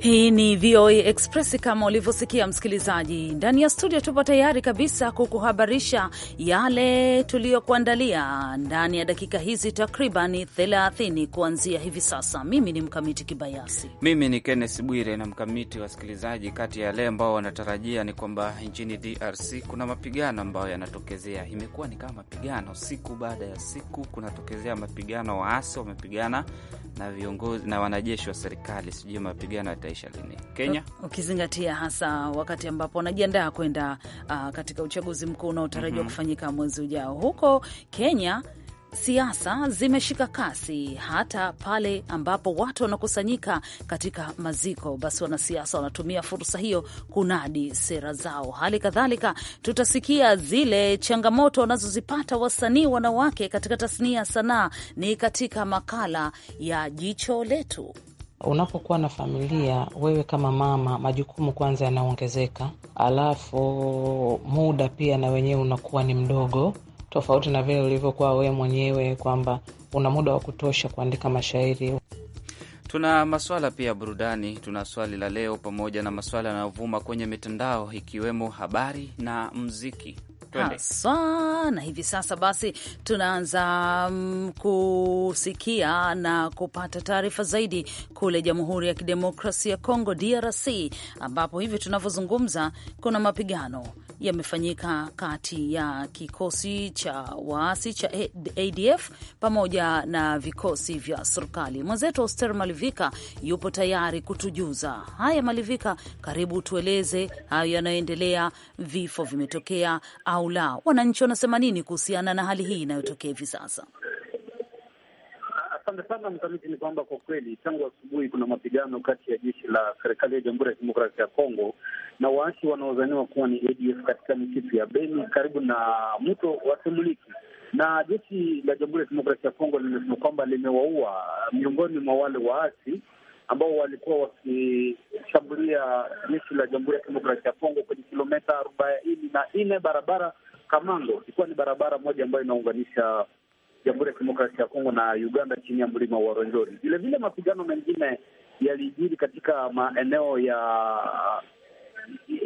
Hii ni VOA Express. Kama ulivyosikia msikilizaji, ndani ya studio tupo tayari kabisa kukuhabarisha yale tuliyokuandalia ndani ya dakika hizi takriban 30 kuanzia hivi sasa. Mimi ni Mkamiti Kibayasi, mimi ni Kenneth Bwire na Mkamiti. Wasikilizaji, kati ya yale ambao wanatarajia ni kwamba nchini DRC kuna mapigano ambayo yanatokezea. Imekuwa ni kama mapigano siku baada ya siku, kunatokezea mapigano, waasi wamepigana na viongozi na wanajeshi wa serikali, sijui mapigano especially Kenya, ukizingatia hasa wakati ambapo wanajiandaa kwenda uh, katika uchaguzi mkuu unaotarajiwa mm -hmm. kufanyika mwezi ujao huko Kenya. Siasa zimeshika kasi hata pale ambapo watu wanakusanyika katika maziko, basi wanasiasa wanatumia fursa hiyo kunadi sera zao. Hali kadhalika, tutasikia zile changamoto wanazozipata wasanii wanawake katika tasnia ya sanaa, ni katika makala ya Jicho Letu. Unapokuwa na familia, wewe kama mama, majukumu kwanza yanaongezeka, alafu muda pia na wenyewe unakuwa ni mdogo, tofauti na vile ulivyokuwa wewe mwenyewe kwamba una muda wa kutosha kuandika mashairi. Tuna maswala pia burudani, tuna swali la leo pamoja na maswala yanayovuma kwenye mitandao, ikiwemo habari na mziki haswa. Na hivi sasa basi tunaanza mm, kusikia na kupata taarifa zaidi kule Jamhuri ya Kidemokrasia ya Kongo, DRC, ambapo hivi tunavyozungumza kuna mapigano yamefanyika kati ya kikosi cha waasi cha ADF pamoja na vikosi vya serikali. Mwenzetu Oster Malivika yupo tayari kutujuza haya. Malivika, karibu, tueleze hayo yanayoendelea, vifo vimetokea au la, wananchi wanasema nini kuhusiana na hali hii inayotokea hivi sasa? Asante sana Mkamiti, ni kwamba kwa kweli tangu asubuhi kuna mapigano kati ya jeshi la serikali ya Jamhuri ya Kidemokrasia ya Kongo na waasi wanaodhaniwa kuwa ni ADF katika misitu ya Beni karibu na mto wa Semuliki, na jeshi la Jamhuri ya Kidemokrasia ya Kongo limesema kwamba limewaua miongoni mwa wale waasi ambao walikuwa wakishambulia jeshi la Jamhuri ya Kidemokrasia ya Kongo kwenye kilometa arobaini na nne barabara Kamango, ikiwa ni barabara moja ambayo inaunganisha Jamhuri ya Kidemokrasia ya Kongo na Uganda chini ya mlima wa Rwenzori. Vilevile mapigano mengine yalijiri katika maeneo ya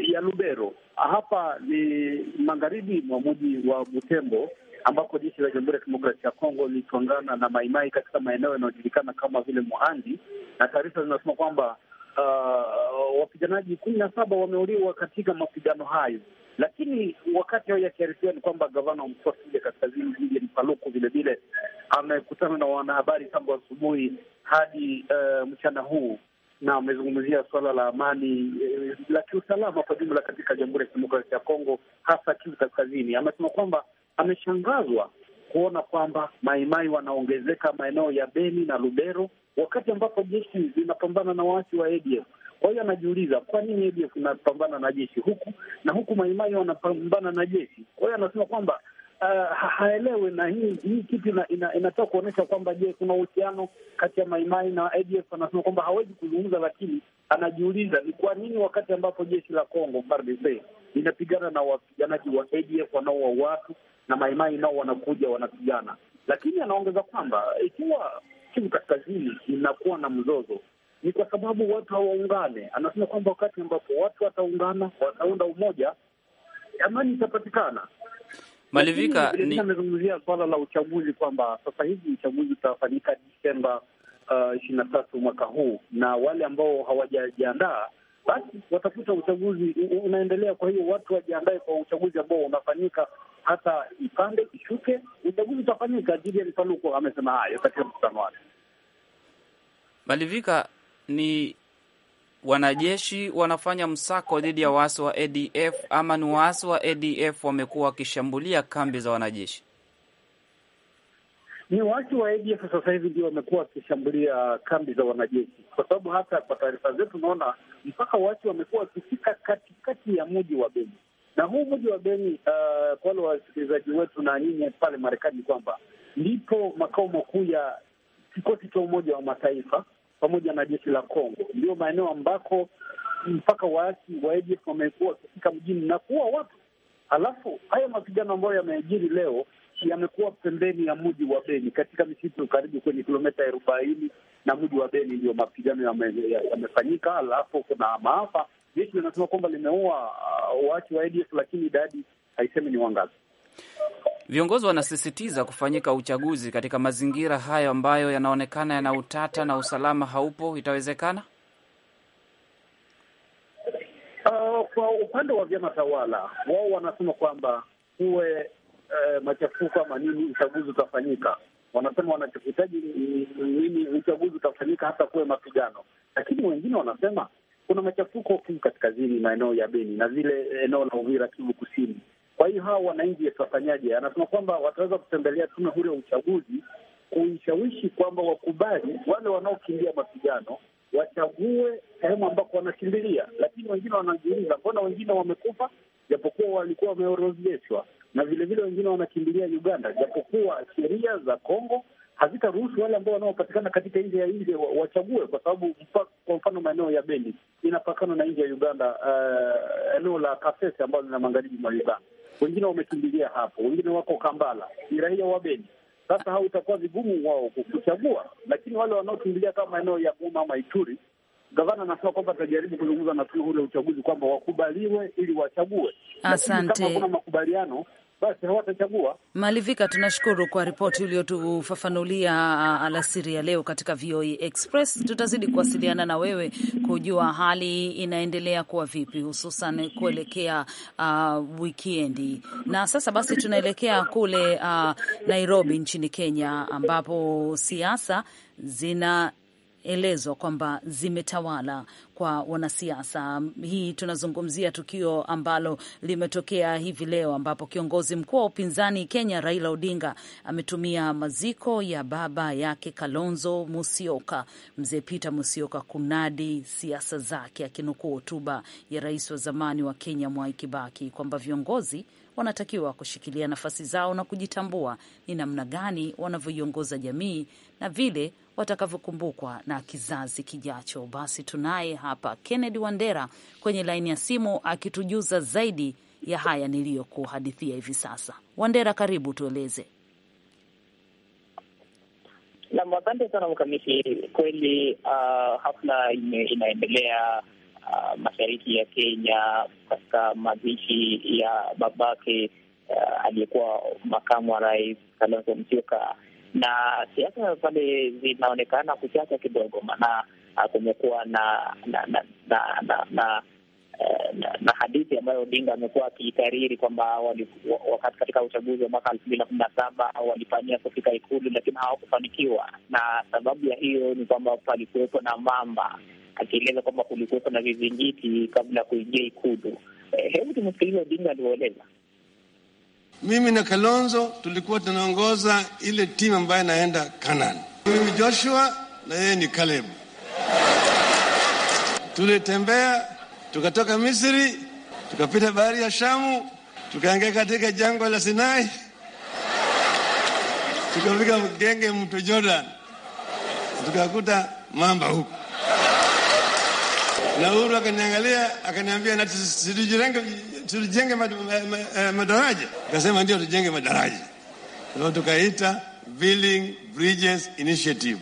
ya Lubero. Hapa ni magharibi mwa mji wa Butembo ambapo jeshi la Jamhuri ya Kidemokrasia ya Kongo lilitwangana na Maimai katika maeneo yanayojulikana kama vile Muhandi, na taarifa zinasema kwamba uh, wapiganaji kumi na saba wameuliwa katika mapigano hayo. Lakini wakati hayo yakiarifiwa, ni kwamba gavana wa mkoa Singida Kaskazini Julian Paluku vilevile amekutana na wanahabari tangu asubuhi hadi uh, mchana huu na amezungumzia suala la amani eh, la kiusalama kwa jumla katika Jamhuri ya Kidemokrasia ya Kongo, hasa Kivu Kaskazini. Amesema kwamba ameshangazwa kuona kwamba maimai wanaongezeka maeneo ya Beni na Lubero, wakati ambapo jeshi linapambana na waasi wa ADF. Kwa hiyo anajiuliza kwa nini ADF inapambana na jeshi huku na huku Maimai wanapambana na jeshi. Kwa hiyo anasema kwamba uh, haelewe na hii hii kitu ina, ina, inataka kuonyesha kwamba je, kuna uhusiano kati ya Maimai na ADF. Anasema kwamba hawezi kuzungumza, lakini anajiuliza ni kwa nini wakati ambapo jeshi la Kongo FARDC linapigana na wapiganaji wa ADF wanaoua watu na Maimai nao wanakuja wanapigana, lakini anaongeza kwamba ikiwa Kivu Kaskazini inakuwa na mzozo ni kwa sababu watu hawaungane. Anasema kwamba wakati ambapo watu wataungana, wataunda umoja, amani itapatikana. Malivika amezungumzia swala la uchaguzi kwamba sasa hivi uchaguzi utafanyika Desemba uh, ishirini uh, na tatu mwaka huu, na wale ambao hawajajiandaa basi watakuta uchaguzi unaendelea. Kwa hiyo watu wajiandae kwa uchaguzi ambao unafanyika, hata ipande ishuke, uchaguzi utafanyika. Julian Paluku amesema hayo katika mkutano wake Malivika ni wanajeshi wanafanya msako dhidi ya waasi wa ADF ama ni waasi wa ADF wamekuwa wakishambulia kambi za wanajeshi? Ni waasi wa ADF sasa hivi ndio wamekuwa wakishambulia kambi za wanajeshi, kwa sababu hata kwa taarifa zetu unaona mpaka waasi wamekuwa wakifika katikati ya mji wa Beni na huu mji wa Beni uh, kwa wale wasikilizaji wetu na nyinyi pale Marekani, kwamba ndipo makao makuu ya kikosi cha Umoja wa Mataifa pamoja na jeshi la Kongo, ndio maeneo ambako mpaka waasi wa ADF wamekuwa wakifika mjini na kuua watu. Halafu haya mapigano ambayo yamejiri leo yamekuwa pembeni ya mji wa Beni katika misitu karibu kwenye kilometa arobaini na mji wa Beni ndio mapigano yamefanyika ya, ya alafu kuna maafa. Jeshi linasema kwamba limeua uh, waasi wa ADF, lakini idadi haisemi ni wangapi. Viongozi wanasisitiza kufanyika uchaguzi katika mazingira hayo ambayo yanaonekana yana utata na usalama haupo. Itawezekana? Uh, kwa upande wa vyama tawala wao wanasema kwamba kuwe eh, machafuko ama nini, uchaguzi utafanyika. Wanasema wanachohitaji nini, uchaguzi utafanyika hata kuwe mapigano, lakini wengine wanasema kuna machafuko Kivu Kaskazini, maeneo ya Beni na zile eneo la Uvira, Kivu Kusini kwa hiyo hawa wananchi watafanyaje? Anasema kwamba wataweza kutembelea tume huru ya uchaguzi kuishawishi kwamba wakubali wale wanaokimbia mapigano wachague sehemu ambako wanakimbilia, lakini wengine wanajiuliza mbona wengine wamekufa japokuwa walikuwa wameorozeshwa, na vilevile wengine wanakimbilia Uganda japokuwa sheria za Kongo hazitaruhusu wale ambao wanaopatikana katika nje ya nje wachague, kwa sababu kwa mfano maeneo ya Beni inapakana na nje ya Uganda, eh, eneo la Kasese ambalo lina magharibi mwa Uganda wengine wamekimbilia hapo, wengine wako Kambala, ni raia wa Beni. Sasa hao itakuwa vigumu wao kuchagua, lakini wale wanaokimbilia kama maeneo ya Goma ama Ituri, gavana anasema kwamba atajaribu kuzungumza na tume huru ya uchaguzi kwamba wakubaliwe ili wachague. Asante. kama kuna makubaliano basi hawatachagua. Malivika, tunashukuru kwa ripoti uliotufafanulia alasiri ya leo katika VOA e Express. Tutazidi kuwasiliana na wewe kujua hali inaendelea kuwa vipi, hususan kuelekea uh, wikendi. Na sasa basi tunaelekea kule uh, Nairobi nchini Kenya ambapo siasa zina elezwa kwamba zimetawala kwa wanasiasa. Hii tunazungumzia tukio ambalo limetokea hivi leo, ambapo kiongozi mkuu wa upinzani Kenya Raila Odinga ametumia maziko ya baba yake Kalonzo Musyoka, mzee Peter Musyoka, kunadi siasa zake, akinukuu hotuba ya rais wa zamani wa Kenya Mwai Kibaki kwamba viongozi wanatakiwa kushikilia nafasi zao na kujitambua ni namna gani wanavyoiongoza jamii na vile watakavyokumbukwa na kizazi kijacho. Basi tunaye hapa Kennedy Wandera kwenye laini ya simu akitujuza zaidi ya haya niliyokuhadithia hivi sasa. Wandera, karibu, tueleze. Nam, asante sana Mkamiti. Kweli uh, hafla inaendelea uh, mashariki ya Kenya katika mazishi ya babake uh, aliyekuwa makamu wa rais Kalonzo Musyoka na siasa pale zinaonekana kuchacha kidogo, maana ah, kumekuwa na na na na, na, na eh, na, na hadithi ambayo Odinga amekuwa akiikariri kwamba wakati katika uchaguzi wa mwaka elfu mbili na kumi na saba walifanyia kufika Ikulu lakini hawakufanikiwa, na sababu ya hiyo ni kwamba palikuwepo na mamba, akieleza kwamba kulikuwepo na vizingiti kabla ya kuingia Ikulu. Eh, hebu tumsikiliza Odinga alivyoeleza. Mimi na Kalonzo tulikuwa tunaongoza ile timu ambayo inaenda Canaan. Mimi Joshua na yeye ni Caleb. Tulitembea tukatoka Misri, tukapita bahari ya Shamu, tukaingia katika jangwa la Sinai, tukafika mgenge mto Jordan, tukakuta mamba huko na Uhuru akaniangalia akaniambia, na tujenge eh, madaraja. Akasema ndio, tujenge madaraja. Ndio tukaita Building Bridges Initiative.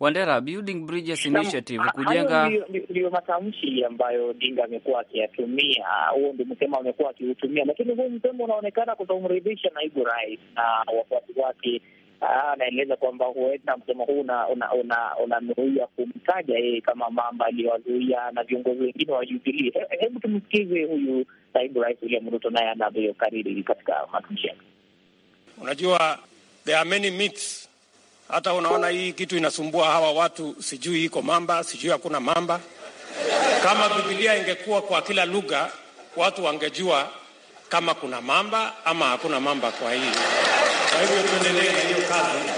Wandera, Building Bridges Initiative kujenga, ndio matamshi ambayo dinga amekuwa akiyatumia. Huo ndio msemo amekuwa akiutumia, lakini huu msemo unaonekana kutomridhisha naibu rais na wafuasi wake Ah, anaeleza kwamba huenda msemo huu unanuia una, una kumtaja yeye kama mamba aliyowazuia na viongozi wengine wa Jubilii. Hebu tumsikize huyu naibu rais William Ruto naye anavyokariri katika matamshi yake. Unajua, there are many myths. Hata unaona hii kitu inasumbua hawa watu, sijui iko mamba, sijui hakuna mamba. Kama Bibilia ingekuwa kwa kila lugha, watu wangejua kama kuna mamba ama hakuna mamba. Kwa hii kwa hivyo tuendelee na hiyo kazi.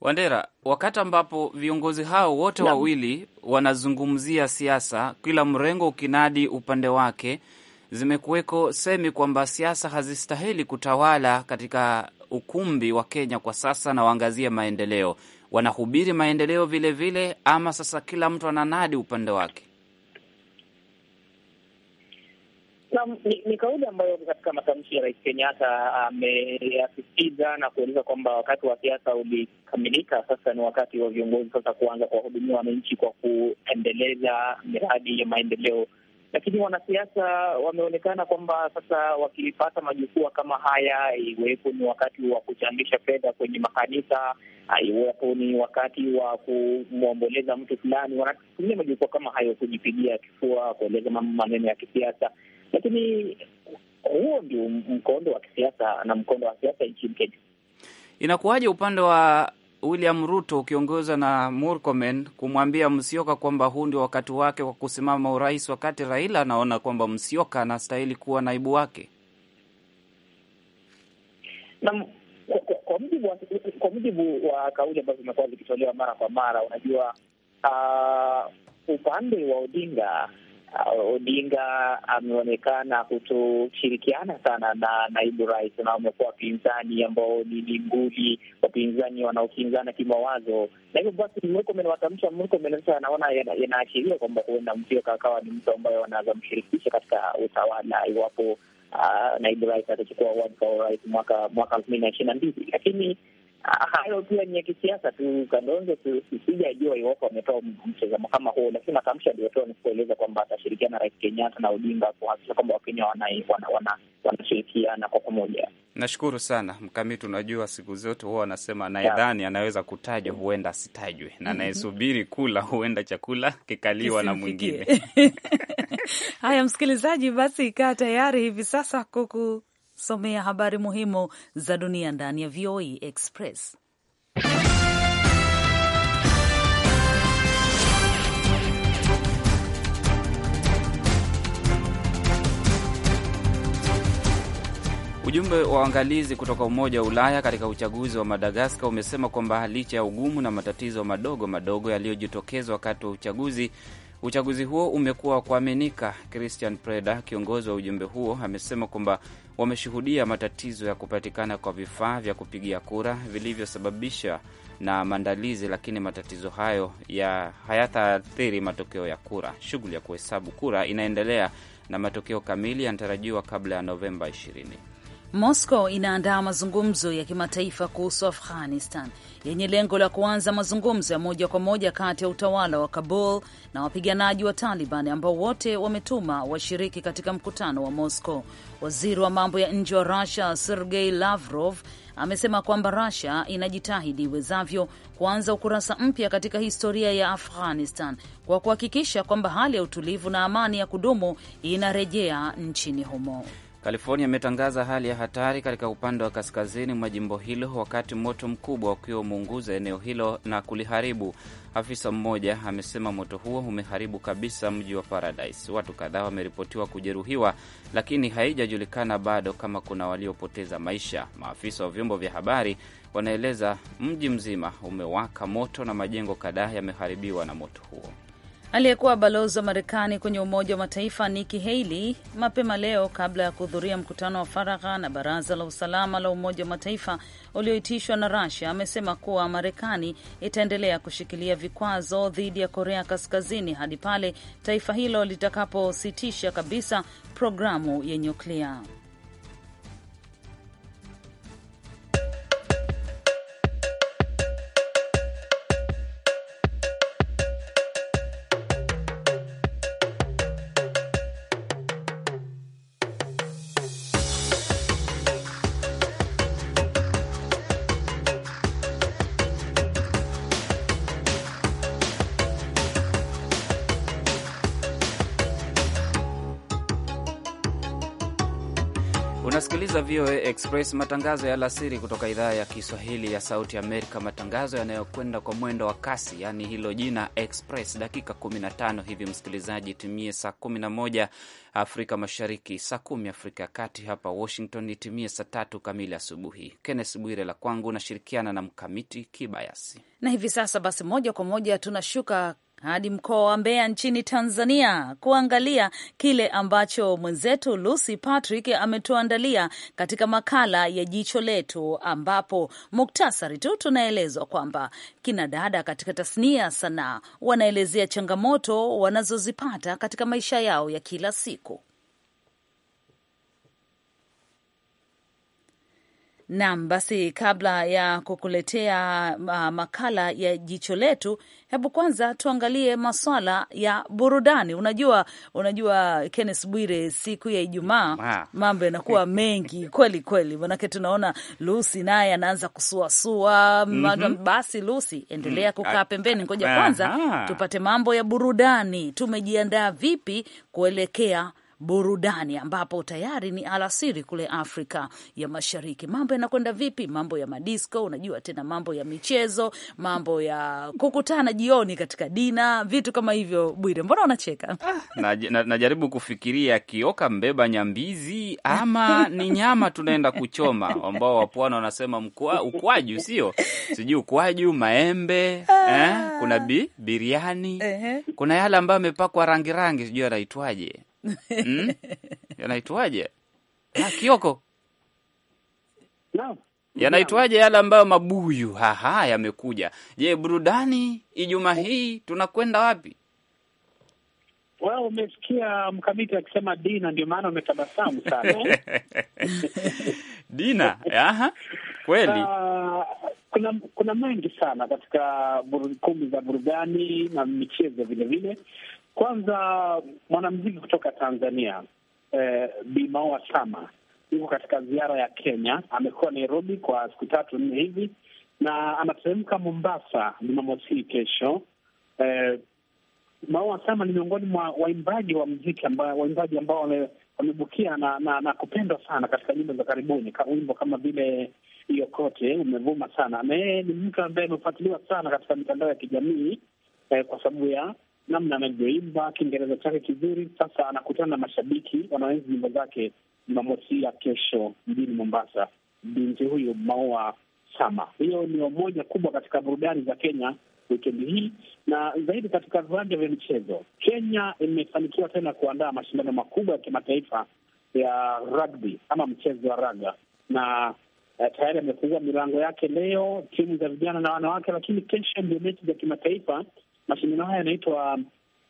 Wandera, wakati ambapo viongozi hao wote wawili wanazungumzia siasa, kila mrengo ukinadi upande wake, zimekuweko semi kwamba siasa hazistahili kutawala katika ukumbi wa Kenya kwa sasa, na waangazie maendeleo. Wanahubiri maendeleo vilevile vile, ama sasa kila mtu ananadi upande wake. ni, ni kauli ambayo katika matamshi ya Rais Kenyatta ameasistiza na kueleza kwamba wakati wa siasa ulikamilika, sasa ni wakati wa viongozi sasa kuanza kuwahudumia wananchi kwa kuendeleza miradi ya maendeleo. Lakini wanasiasa wameonekana kwamba sasa wakipata majukwaa kama haya, iwepo ni wakati wa kuchangisha fedha kwenye makanisa, iwepo ni wakati wa kumwomboleza mtu fulani, wanatumia majukua kama hayo kujipigia kifua, kueleza maneno ya kisiasa lakini huo ndio mkondo wa kisiasa na mkondo wa siasa nchini Kenya. Inakuwaje upande wa William Ruto ukiongozwa na Murkomen kumwambia Msioka kwamba huu ndio wakati wake kwa kusimama urais, wakati Raila anaona kwamba Msioka anastahili kuwa naibu wake? Na kwa mujibu wa, kwa mujibu wa kauli ambazo zimekuwa zikitolewa mara kwa mara, unajua uh, upande wa Odinga uh, Odinga ameonekana kutoshirikiana sana na naibu rais, na wamekuwa wapinzani ambao ni nguli, wapinzani wanaopinzana kimawazo, na hivyo basi Murkomen, watamsha Murkomen sasa anaona yanaashiria yana kwamba huenda Musyoka akawa ni mtu ambaye wanaweza mshirikisha katika utawala iwapo uh, naibu rais atachukua wadhifa wa urais mwaka mwaka elfu mbili na ishirini na mbili lakini hayo pia ni ya kisiasa tu. Kalonzo sijajua iwapo ametoa mtazamo kama huo, lakini matamshi aliyotoa ni kueleza kwamba atashirikiana na Rais Kenyatta na Odinga kuhakikisha kwamba Wakenya wanashirikiana kwa pamoja. Nashukuru sana Mkamiti. Unajua, siku zote huwa anasema anayedhani anaweza kutajwa huenda asitajwe, na mm-hmm. anayesubiri kula huenda chakula kikaliwa na mwingine. Haya, msikilizaji, basi ikaa tayari hivi sasa kuku anakusomea habari muhimu za dunia ndani ya VOA e Express. Ujumbe wa waangalizi kutoka Umoja wa Ulaya katika uchaguzi wa Madagaskar umesema kwamba licha ya ugumu na matatizo madogo madogo yaliyojitokeza wakati wa uchaguzi, uchaguzi huo umekuwa wa kuaminika. Christian Preda, kiongozi wa ujumbe huo, amesema kwamba wameshuhudia matatizo ya kupatikana kwa vifaa vya kupigia kura vilivyosababisha na maandalizi, lakini matatizo hayo ya hayataathiri matokeo ya kura. Shughuli ya kuhesabu kura inaendelea na matokeo kamili yanatarajiwa kabla ya Novemba ishirini. Moscow inaandaa mazungumzo ya kimataifa kuhusu Afghanistan yenye lengo la kuanza mazungumzo ya moja kwa moja kati ya utawala wa Kabul na wapiganaji wa Taliban ambao wote wametuma washiriki katika mkutano wa Moscow. Waziri wa mambo ya nje wa Russia Sergei Lavrov amesema kwamba Russia inajitahidi iwezavyo kuanza ukurasa mpya katika historia ya Afghanistan kwa kuhakikisha kwamba hali ya utulivu na amani ya kudumu inarejea nchini humo. California imetangaza hali ya hatari katika upande wa kaskazini mwa jimbo hilo wakati moto mkubwa ukiwa umeunguza eneo hilo na kuliharibu. Afisa mmoja amesema moto huo umeharibu kabisa mji wa Paradise. Watu kadhaa wameripotiwa kujeruhiwa, lakini haijajulikana bado kama kuna waliopoteza maisha. Maafisa wa vyombo vya habari wanaeleza mji mzima umewaka moto na majengo kadhaa yameharibiwa na moto huo. Aliyekuwa balozi wa Marekani kwenye Umoja wa Mataifa Nikki Haley mapema leo, kabla ya kuhudhuria mkutano wa faragha na Baraza la Usalama la Umoja wa Mataifa ulioitishwa na Russia, amesema kuwa Marekani itaendelea kushikilia vikwazo dhidi ya Korea Kaskazini hadi pale taifa hilo litakapositisha kabisa programu ya nyuklia. VOA Express, matangazo ya alasiri kutoka idhaa ya Kiswahili ya Sauti Amerika, matangazo yanayokwenda kwa mwendo wa kasi, yaani hilo jina Express. Dakika 15 hivi, msikilizaji, timie saa 11 Afrika Mashariki, saa kumi Afrika ya Kati. Hapa Washington itimie saa tatu kamili asubuhi. Kennes Bwire la kwangu, nashirikiana na Mkamiti Kibayasi na hivi sasa basi, moja kwa moja tunashuka hadi mkoa wa Mbeya nchini Tanzania kuangalia kile ambacho mwenzetu Lucy Patrick ametuandalia katika makala ya Jicho Letu, ambapo muktasari tu tunaelezwa kwamba kinadada katika tasnia ya sanaa wanaelezea changamoto wanazozipata katika maisha yao ya kila siku. Naam, basi kabla ya kukuletea uh, makala ya jicho letu, hebu kwanza tuangalie maswala ya burudani. Unajua, unajua kennes Bwire, siku ya Ijumaa mambo yanakuwa mengi kweli kweli, manake tunaona lusi naye anaanza kusuasua. Mhm. mm -hmm. Basi lusi endelea kukaa pembeni, ngoja kwanza tupate mambo ya burudani. Tumejiandaa vipi kuelekea burudani, ambapo tayari ni alasiri kule Afrika ya Mashariki. Mambo yanakwenda vipi? Mambo ya madisco, unajua tena, mambo ya michezo, mambo ya kukutana jioni katika dina, vitu kama hivyo. Bwire, mbona unacheka? Ah. na, na, najaribu kufikiria kioka mbeba nyambizi ama ni nyama tunaenda kuchoma, ambao wapwana wanasema mkua, ukwaju, sio sijui ukwaju, maembe ah. eh, kuna bi, biriani, kuna yale ambayo amepakwa rangi rangi, sijui anaitwaje mm? yanaitwaje ah, Kioko no. Yanaitwaje yale ambayo mabuyu haha yamekuja. Je, burudani ijuma hii tunakwenda wapi? Wewe well, umesikia mkamiti akisema Dina, ndio maana umetabasamu sana Dina, aha, kweli. Uh, kuna kuna mengi sana katika kumbi za burudani na michezo vile vile, kwanza mwanamziki kutoka Tanzania eh, Bi Maua Sama yuko katika ziara ya Kenya. Amekuwa Nairobi kwa siku tatu nne hivi na anateremka Mombasa Jumamosi kesho. Eh, Maua Sama ni miongoni mwa waimbaji wa mziki amba, waimbaji ambao wamebukia na, na, na kupendwa sana katika nyimbo za karibuni. Wimbo kama vile hiyo kote umevuma sana, na yeye ni mtu ambaye amefuatiliwa sana katika mitandao ya kijamii eh, kwa sababu ya namna anavyoimba Kiingereza chake kizuri. Sasa anakutana na mashabiki wanaoenzi nyimbo zake Jumamosi ya kesho mjini Mombasa, binti huyu Maua Sama. Hiyo ni moja kubwa katika burudani za Kenya wikendi hii, na zaidi katika viwanja vya michezo. Kenya imefanikiwa tena kuandaa mashindano makubwa ya kimataifa ya rugby ama mchezo wa raga, na uh, tayari amefungua milango yake leo timu za vijana na wanawake, lakini kesho ndio mechi za kimataifa Mashindano haya yanaitwa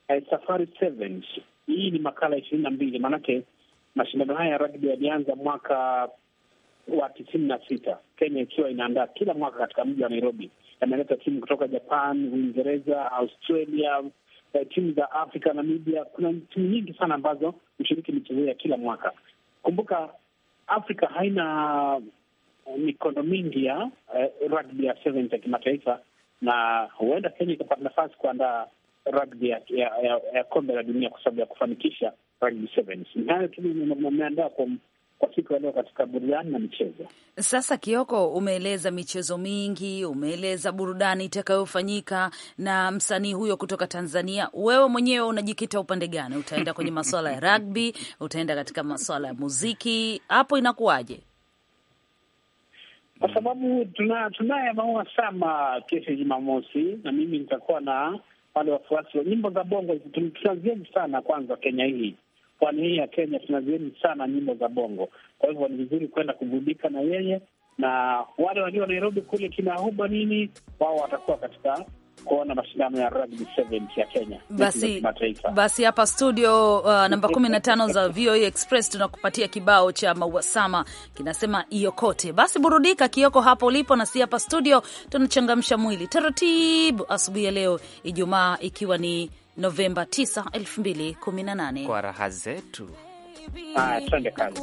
uh, Safari Sevens. Hii ni makala ishirini na mbili, maanake mashindano haya ya ragbi yalianza mwaka wa tisini na sita, Kenya ikiwa inaandaa kila mwaka katika mji wa Nairobi. Yameleta timu kutoka Japan, Uingereza, Australia, eh, timu za Afrika, Namibia. Kuna timu nyingi sana ambazo hushiriki michezo ya kila mwaka. Kumbuka Afrika haina eh, mikondo mingi ya eh, rugby ya sevens ya kimataifa, na huenda Kenya ikapata nafasi kuandaa rugby ya, ya, ya, ya kombe la dunia kwa sababu ya kufanikisha rugby sevens. Ni hayo tu kwa siku katika burudani na michezo. Sasa Kioko, umeeleza michezo mingi, umeeleza burudani itakayofanyika na msanii huyo kutoka Tanzania. Wewe mwenyewe unajikita upande gani? Utaenda kwenye masuala ya rugby, utaenda katika masuala ya muziki, hapo inakuwaje? kwa sababu tuna tunaye Maua Sama kesho Jumamosi, na mimi nitakuwa na wale wafuasi wa nyimbo za bongo. Tunazieni sana kwanza, Kenya hii, pwani hii ya Kenya, tunazieni sana nyimbo za bongo. Kwa hivyo ni vizuri kwenda kuburudika na yeye, na wale walio Nairobi kule kina huba nini, wao watakuwa katika kuona mashindano ya rugby 7 ya Kenya. Basi basi hapa studio uh, namba 15 za VOA Express tunakupatia kibao cha Mauasama kinasema kote. Basi burudika Kioko hapo ulipo, na si hapa studio tunachangamsha mwili taratibu asubuhi ya leo Ijumaa, ikiwa ni Novemba 9, 2018 kwa raha zetu. Ah, twende kazi.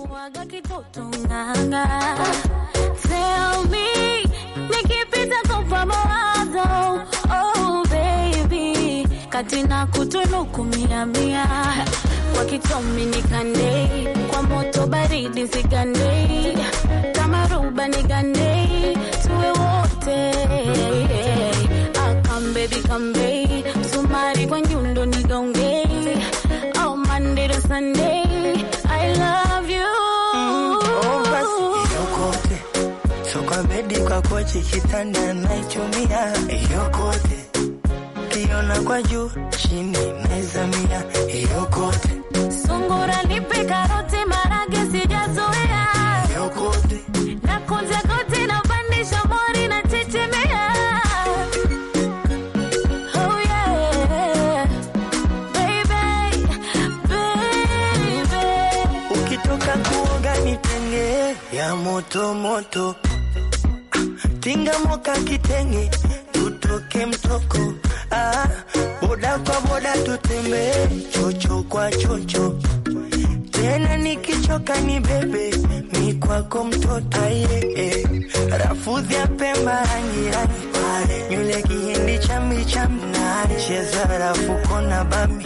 Tell me nikipita kwa na kutunuku mia mia, kwa ni nikande, kwa moto baridi zigandei kama ruba nigande, tuwe wote akambe ah, bikambe, sumari kwa nyundo nigonge, au oh, Monday to I love you mm, oh, yokote soka kwa kochi kitanda naichumia yokote ukiona kwa juu chini naizamia hiyo kote. Sungura nipe karoti marage sijazoea yokote Na kunja kote na pandisha mori na tetemea. Oh yeah. Baby, baby. Ukitoka kuoga nitenge ya moto moto. Tinga moka kitenge tutoke mtoko ah, boda kwa boda tutembe chocho kwa chocho, tena nikichoka ni bebe mi kwako mtoto aye, rafudhi ya Pemba rangirangi pale, nyule kihindi chambi chambi, cheza rafu na bambi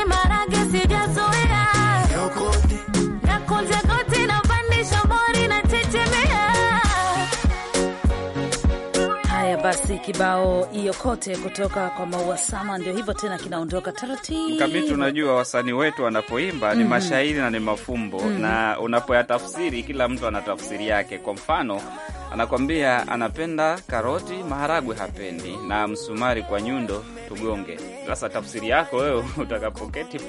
basi kibao hiyo kote kutoka kwa Maua Sama ndio hivyo tena, kinaondoka taratibu kamiti. Unajua, wasanii wetu wanapoimba ni mm -hmm. mashairi na ni mafumbo mm -hmm. na unapoyatafsiri kila mtu ana tafsiri yake. Kwa mfano, anakwambia anapenda karoti, maharagwe hapendi, na msumari kwa nyundo tugonge. Sasa tafsiri yako wewe utakapoketi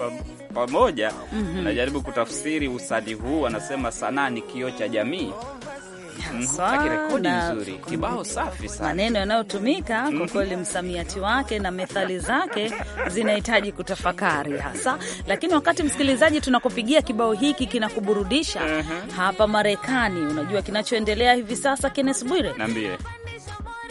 pamoja pa mm -hmm. unajaribu kutafsiri usadi huu. Anasema sanaa ni kioo cha jamii kibao safi sana. Maneno yanayotumika kwa mhm. kweli, msamiati wake na methali zake zinahitaji kutafakari hasa. Lakini wakati msikilizaji, tunakupigia kibao hiki kinakuburudisha uh mhm. -huh. hapa Marekani, unajua kinachoendelea hivi sasa, Kennes Bwire, niambie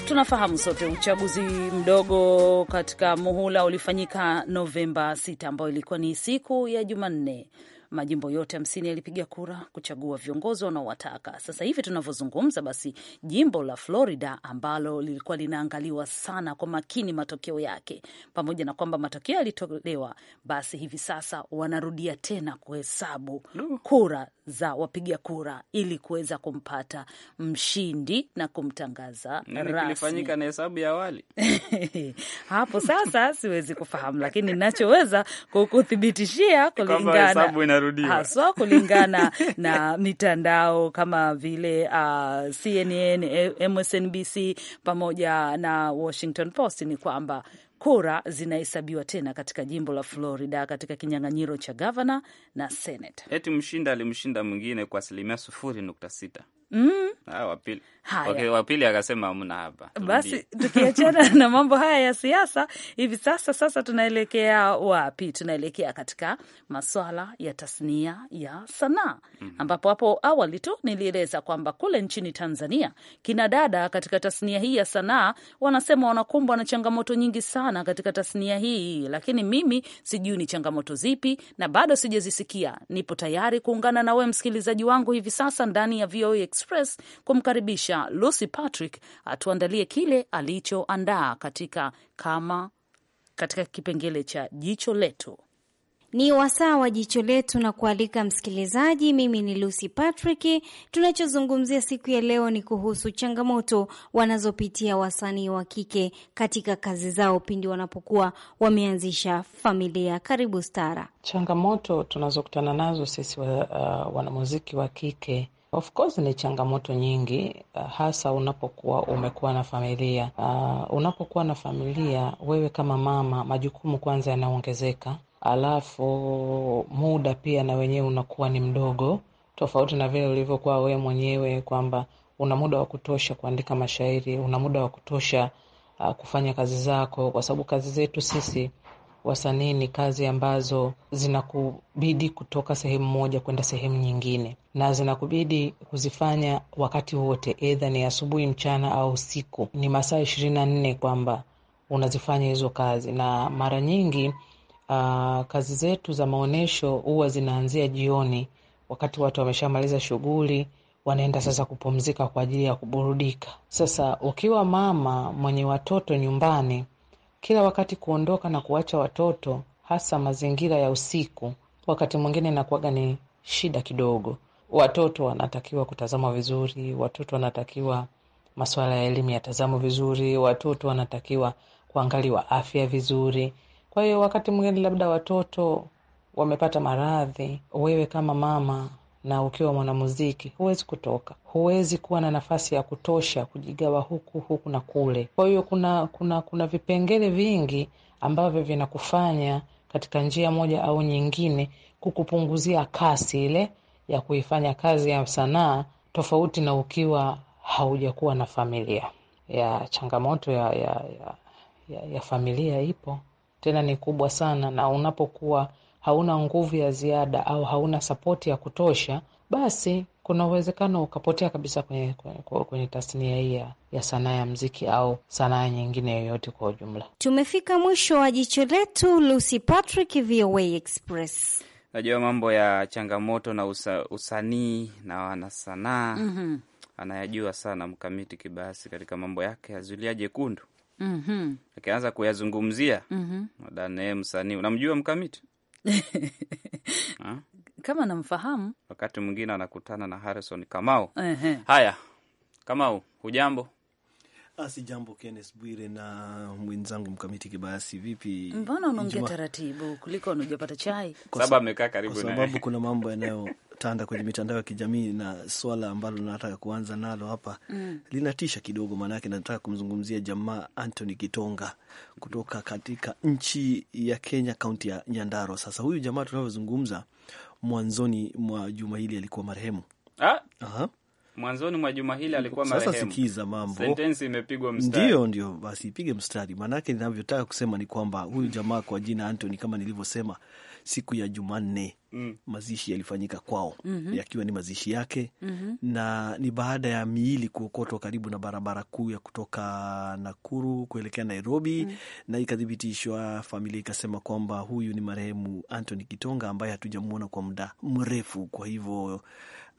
Tunafahamu sote uchaguzi mdogo katika muhula ulifanyika Novemba 6 ambayo ilikuwa ni siku ya Jumanne. Majimbo yote hamsini yalipiga kura kuchagua viongozi wanaowataka. Sasa hivi tunavyozungumza, basi jimbo la Florida ambalo lilikuwa linaangaliwa sana kwa makini matokeo yake, pamoja na kwamba matokeo yalitolewa, basi hivi sasa wanarudia tena kuhesabu kura za wapiga kura ili kuweza kumpata mshindi na kumtangaza rasmi. Na hesabu ya awali hapo sasa siwezi kufahamu, lakini nachoweza kukuthibitishia kulingana haswa kulingana na mitandao kama vile uh, CNN, MSNBC pamoja na Washington Post ni kwamba kura zinahesabiwa tena katika jimbo la Florida katika kinyang'anyiro cha gavana na senate Eti mshinda alimshinda mwingine kwa asilimia sufuri nukta sita. Mm-hmm. Ah, wapili okay, wapili akasema hamna hapa. Basi tukiachana na mambo haya ya siasa hivi sasa, sasa tunaelekea wapi? Tunaelekea katika maswala ya tasnia ya sanaa mm -hmm. ambapo hapo awali tu nilieleza kwamba kule nchini Tanzania kina dada katika tasnia hii ya sanaa wanasema wanakumbwa na changamoto nyingi sana katika tasnia hii, lakini mimi sijui ni changamoto zipi na bado sijazisikia. Nipo tayari kuungana na wewe msikilizaji wangu hivi sasa ndani ya Express kumkaribisha Lucy Patrick atuandalie kile alichoandaa katika kama katika kipengele cha jicho letu. Ni wasaa wa jicho letu na kualika msikilizaji. Mimi ni Lucy Patrick. Tunachozungumzia siku ya leo ni kuhusu changamoto wanazopitia wasanii wa kike katika kazi zao pindi wanapokuwa wameanzisha familia. Karibu Stara. Changamoto tunazokutana nazo sisi wa, uh, wanamuziki wa kike Of course ni changamoto nyingi, eh, hasa unapokuwa umekuwa na familia uh, unapokuwa na familia wewe kama mama, majukumu kwanza yanaongezeka, alafu muda pia na wenyewe unakuwa ni mdogo, tofauti na vile ulivyokuwa wewe mwenyewe kwamba una muda wa kutosha kuandika mashairi, una muda wa kutosha uh, kufanya kazi zako, kwa sababu kazi zetu sisi wasanii ni kazi ambazo zinakubidi kutoka sehemu moja kwenda sehemu nyingine, na zinakubidi kuzifanya wakati wote, edha ni asubuhi, mchana au usiku. Ni masaa ishirini na nne kwamba unazifanya hizo kazi, na mara nyingi uh, kazi zetu za maonyesho huwa zinaanzia jioni, wakati watu wameshamaliza shughuli wanaenda sasa kupumzika kwa ajili ya kuburudika. Sasa ukiwa mama mwenye watoto nyumbani, kila wakati kuondoka na kuacha watoto hasa mazingira ya usiku, wakati mwingine inakuwaga ni shida kidogo. Watoto wanatakiwa kutazama vizuri, watoto wanatakiwa masuala ya elimu yatazamwa vizuri, watoto wanatakiwa kuangaliwa afya vizuri. Kwa hiyo wakati mwingine labda watoto wamepata maradhi, wewe kama mama na ukiwa mwanamuziki huwezi kutoka, huwezi kuwa na nafasi ya kutosha kujigawa huku huku na kule. Kwa hiyo kuna kuna kuna vipengele vingi ambavyo vinakufanya katika njia moja au nyingine kukupunguzia kasi ile ya kuifanya kazi ya sanaa, tofauti na ukiwa haujakuwa na familia. Ya changamoto ya, ya, ya, ya familia ipo tena ni kubwa sana, na unapokuwa hauna nguvu ya ziada au hauna sapoti ya kutosha, basi kuna uwezekano ukapotea kabisa kwenye, kwenye, kwenye tasnia hii ya, ya sanaa ya mziki au sanaa nyingine yoyote kwa ujumla. Tumefika mwisho wa jicho letu. Lucy Patrick, VOA Express. Najua mambo ya changamoto na usa, usanii na wanasanaa mm -hmm. anayajua sana Mkamiti Kibasi katika mambo yake ya zulia jekundu mm -hmm. akianza kuyazungumzia mm -hmm. danae msanii unamjua Mkamiti kama namfahamu, wakati mwingine anakutana na Harrison Kamau. Haya, Kamau, hujambo? Ah, si jambo Kenneth Bwire na mwenzangu mkamiti Kibayasi, vipi? Mbona unaongea taratibu kuliko unajapata chai? Kwa sababu amekaa karibu kwa sababu kuna mambo yanayo linalotanda kwenye mitandao ya kijamii na swala ambalo nataka kuanza nalo hapa mm. linatisha kidogo, maanake nataka kumzungumzia jamaa Anthony Kitonga kutoka katika nchi ya Kenya, kaunti ya Nyandarua. Sasa huyu jamaa tunavyozungumza, mwanzoni mwa juma hili alikuwa marehemu ah. Mwanzoni mwa juma hili alikuwa marehemu. Sasa sikiza mambo, sentensi imepigwa mstari. Ndio, ndio, basi ipige mstari, maanake ninavyotaka kusema ni kwamba huyu jamaa kwa jina Anthony, kama nilivyosema siku ya Jumanne mm. mazishi yalifanyika kwao mm -hmm. yakiwa ni mazishi yake mm -hmm. na ni baada ya miili kuokotwa karibu na barabara kuu ya kutoka Nakuru kuelekea Nairobi mm. na ikathibitishwa, familia ikasema kwamba huyu ni marehemu Anthony Kitonga ambaye hatujamwona kwa muda mrefu, kwa hivyo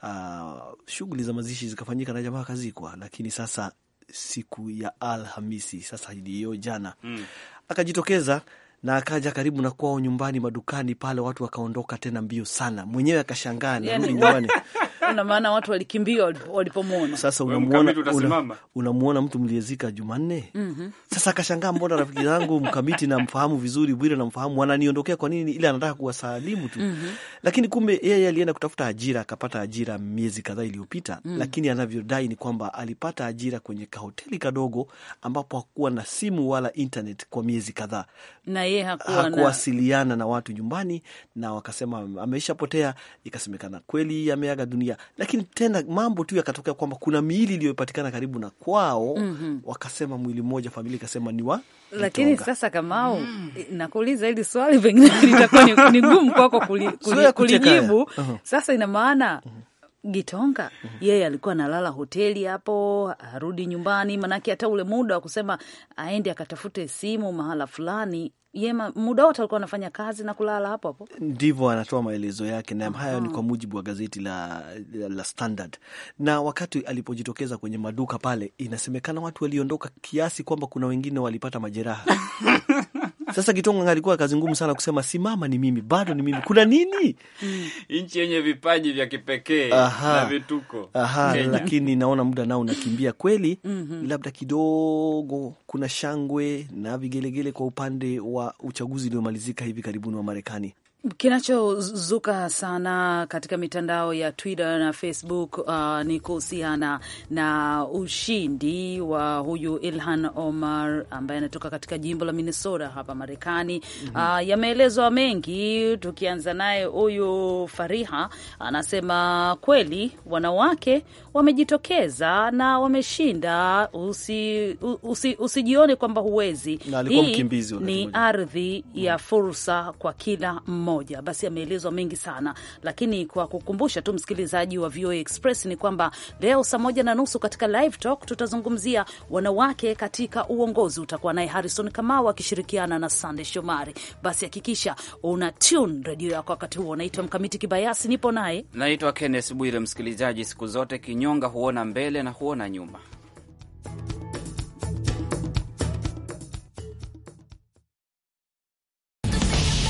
Uh, shughuli za mazishi zikafanyika na jamaa kazikwa, lakini sasa siku ya Alhamisi sasa iliyo jana mm. akajitokeza na akaja karibu na kwao nyumbani madukani pale, watu wakaondoka tena mbio sana, mwenyewe akashangaa narudi nyumbani na maana watu walikimbia walipomwona. Sasa unamuona una, unamuona mtu mliezika Jumanne mm -hmm. Sasa akashangaa mbona rafiki zangu mkamiti namfahamu vizuri, Bwire namfahamu, ananiondokea kwa nini? Ile anataka kuwasalimu tu mm -hmm. Lakini kumbe yeye alienda kutafuta ajira akapata ajira miezi kadhaa iliyopita mm -hmm. Lakini anavyodai ni kwamba alipata ajira kwenye kahoteli kadogo ambapo hakuwa na simu wala internet kwa miezi kadhaa, na yeye hakuwa hakuwasiliana na... na watu nyumbani, na wakasema ameshapotea. Ikasemekana kweli ameaga dunia moja, lakini tena mambo tu yakatokea kwamba kuna miili iliyopatikana karibu na kwao mm -hmm. Wakasema mwili mmoja, familia ikasema ni wa lakini sasa Kamau, mm. nakuuliza hili swali pengine litakuwa ni gumu kwako kulijibu. Uh-huh. Sasa ina maana uh-huh. Gitonga uh-huh. yeye alikuwa analala hoteli hapo, arudi nyumbani, manake hata ule muda wa kusema aende akatafute simu mahala fulani Yema muda wote alikuwa anafanya kazi na kulala hapo hapo, ndivyo anatoa maelezo yake, na hayo ni kwa mujibu wa gazeti la, la, la Standard. Na wakati alipojitokeza kwenye maduka pale, inasemekana watu waliondoka kiasi kwamba kuna wengine walipata majeraha Sasa Kitonga alikuwa kazi ngumu sana kusema simama, ni mimi bado ni mimi. Kuna nini? Hmm. nchi yenye vipaji vya kipekee na vituko. Aha, lakini naona muda nao unakimbia kweli. mm -hmm. Labda kidogo kuna shangwe na vigelegele kwa upande wa uchaguzi uliomalizika hivi karibuni wa Marekani. Kinachozuka sana katika mitandao ya Twitter na Facebook uh, ni kuhusiana na ushindi wa huyu Ilhan Omar ambaye anatoka katika jimbo la Minnesota hapa Marekani. mm -hmm. Uh, yameelezwa mengi, tukianza naye huyu Fariha anasema kweli wanawake wamejitokeza na wameshinda, usijione usi, usi kwamba huwezi. Hii ni ardhi ya mm. fursa kwa kila mmoja moja. Basi ameelezwa mengi sana, lakini kwa kukumbusha tu msikilizaji wa VOA Express ni kwamba leo saa moja na nusu katika live talk tutazungumzia wanawake katika uongozi. Utakuwa naye Harrison Kamau akishirikiana na Sande Shomari. Basi hakikisha una tune redio yako wakati huo. Naitwa Mkamiti Kibayasi, nipo naye naitwa Kenneth Bwire. Msikilizaji, siku zote kinyonga huona mbele na huona nyuma.